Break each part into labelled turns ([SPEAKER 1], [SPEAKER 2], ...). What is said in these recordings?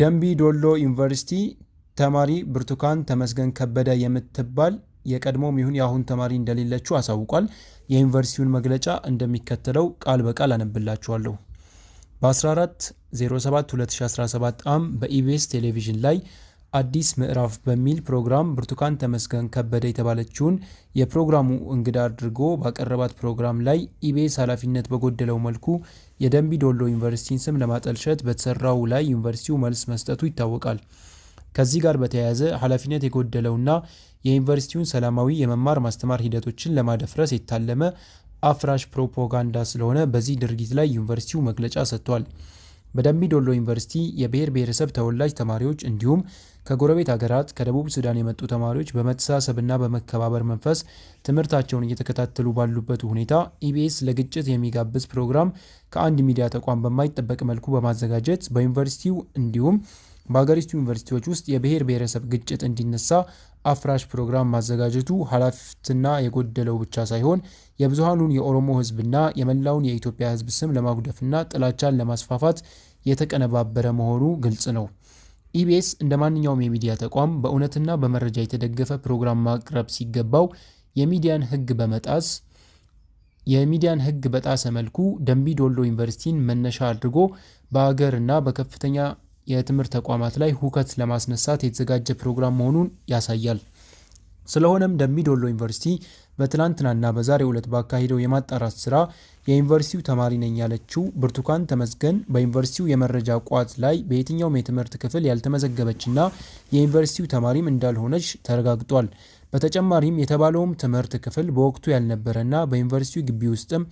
[SPEAKER 1] ደምቢ ዶሎ ዩኒቨርሲቲ ተማሪ ብርቱካን ተመስገን ከበደ የምትባል የቀድሞም ይሁን የአሁን ተማሪ እንደሌለችው አሳውቋል። የዩኒቨርሲቲውን መግለጫ እንደሚከተለው ቃል በቃል አነብላችኋለሁ። በ1407 2017 ዓ.ም በኢቢኤስ ቴሌቪዥን ላይ አዲስ ምዕራፍ በሚል ፕሮግራም ብርቱካን ተመስገን ከበደ የተባለችውን የፕሮግራሙ እንግዳ አድርጎ ባቀረባት ፕሮግራም ላይ ኢቢኤስ ኃላፊነት በጎደለው መልኩ የደንቢ ዶሎ ዩኒቨርሲቲን ስም ለማጠልሸት በተሰራው ላይ ዩኒቨርሲቲው መልስ መስጠቱ ይታወቃል። ከዚህ ጋር በተያያዘ ኃላፊነት የጎደለውና የዩኒቨርሲቲውን ሰላማዊ የመማር ማስተማር ሂደቶችን ለማደፍረስ የታለመ አፍራሽ ፕሮፓጋንዳ ስለሆነ በዚህ ድርጊት ላይ ዩኒቨርሲቲው መግለጫ ሰጥቷል። በደምቢዶሎ ዩኒቨርሲቲ የብሔር ብሔረሰብ ተወላጅ ተማሪዎች እንዲሁም ከጎረቤት ሀገራት ከደቡብ ሱዳን የመጡ ተማሪዎች በመተሳሰብና በመከባበር መንፈስ ትምህርታቸውን እየተከታተሉ ባሉበት ሁኔታ ኢቢኤስ ለግጭት የሚጋብዝ ፕሮግራም ከአንድ ሚዲያ ተቋም በማይጠበቅ መልኩ በማዘጋጀት በዩኒቨርሲቲው እንዲሁም በሀገሪቱ ዩኒቨርሲቲዎች ውስጥ የብሔር ብሔረሰብ ግጭት እንዲነሳ አፍራሽ ፕሮግራም ማዘጋጀቱ ኃላፊነትና የጎደለው ብቻ ሳይሆን የብዙሃኑን የኦሮሞ ህዝብና የመላውን የኢትዮጵያ ህዝብ ስም ለማጉደፍና ጥላቻን ለማስፋፋት የተቀነባበረ መሆኑ ግልጽ ነው። ኢቢኤስ እንደ ማንኛውም የሚዲያ ተቋም በእውነትና በመረጃ የተደገፈ ፕሮግራም ማቅረብ ሲገባው የሚዲያን ህግ በመጣስ የሚዲያን ህግ በጣሰ መልኩ ደንቢ ዶሎ ዩኒቨርሲቲን መነሻ አድርጎ በአገርና በከፍተኛ የትምህርት ተቋማት ላይ ሁከት ለማስነሳት የተዘጋጀ ፕሮግራም መሆኑን ያሳያል። ስለሆነም ደምቢዶሎ ዩኒቨርሲቲ በትላንትናና በዛሬው ዕለት ባካሄደው የማጣራት ስራ የዩኒቨርሲቲው ተማሪ ነኝ ያለችው ብርቱካን ተመስገን በዩኒቨርሲቲው የመረጃ ቋት ላይ በየትኛውም የትምህርት ክፍል ያልተመዘገበችና የዩኒቨርሲቲው ተማሪም እንዳልሆነች ተረጋግጧል። በተጨማሪም የተባለውም ትምህርት ክፍል በወቅቱ ያልነበረና በዩኒቨርሲቲው ግቢ ውስጥም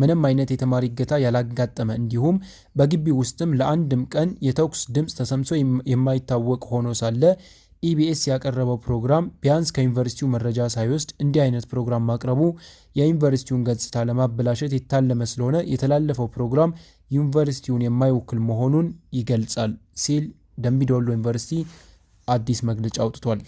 [SPEAKER 1] ምንም አይነት የተማሪ እገታ ያላጋጠመ እንዲሁም በግቢ ውስጥም ለአንድም ቀን የተኩስ ድምፅ ተሰምቶ የማይታወቅ ሆኖ ሳለ ኢቢኤስ ያቀረበው ፕሮግራም ቢያንስ ከዩኒቨርሲቲው መረጃ ሳይወስድ እንዲህ አይነት ፕሮግራም ማቅረቡ የዩኒቨርሲቲውን ገጽታ ለማበላሸት የታለመ ስለሆነ የተላለፈው ፕሮግራም ዩኒቨርሲቲውን የማይወክል መሆኑን ይገልጻል ሲል ደምቢዶሎ ዩኒቨርሲቲ አዲስ መግለጫ አውጥቷል።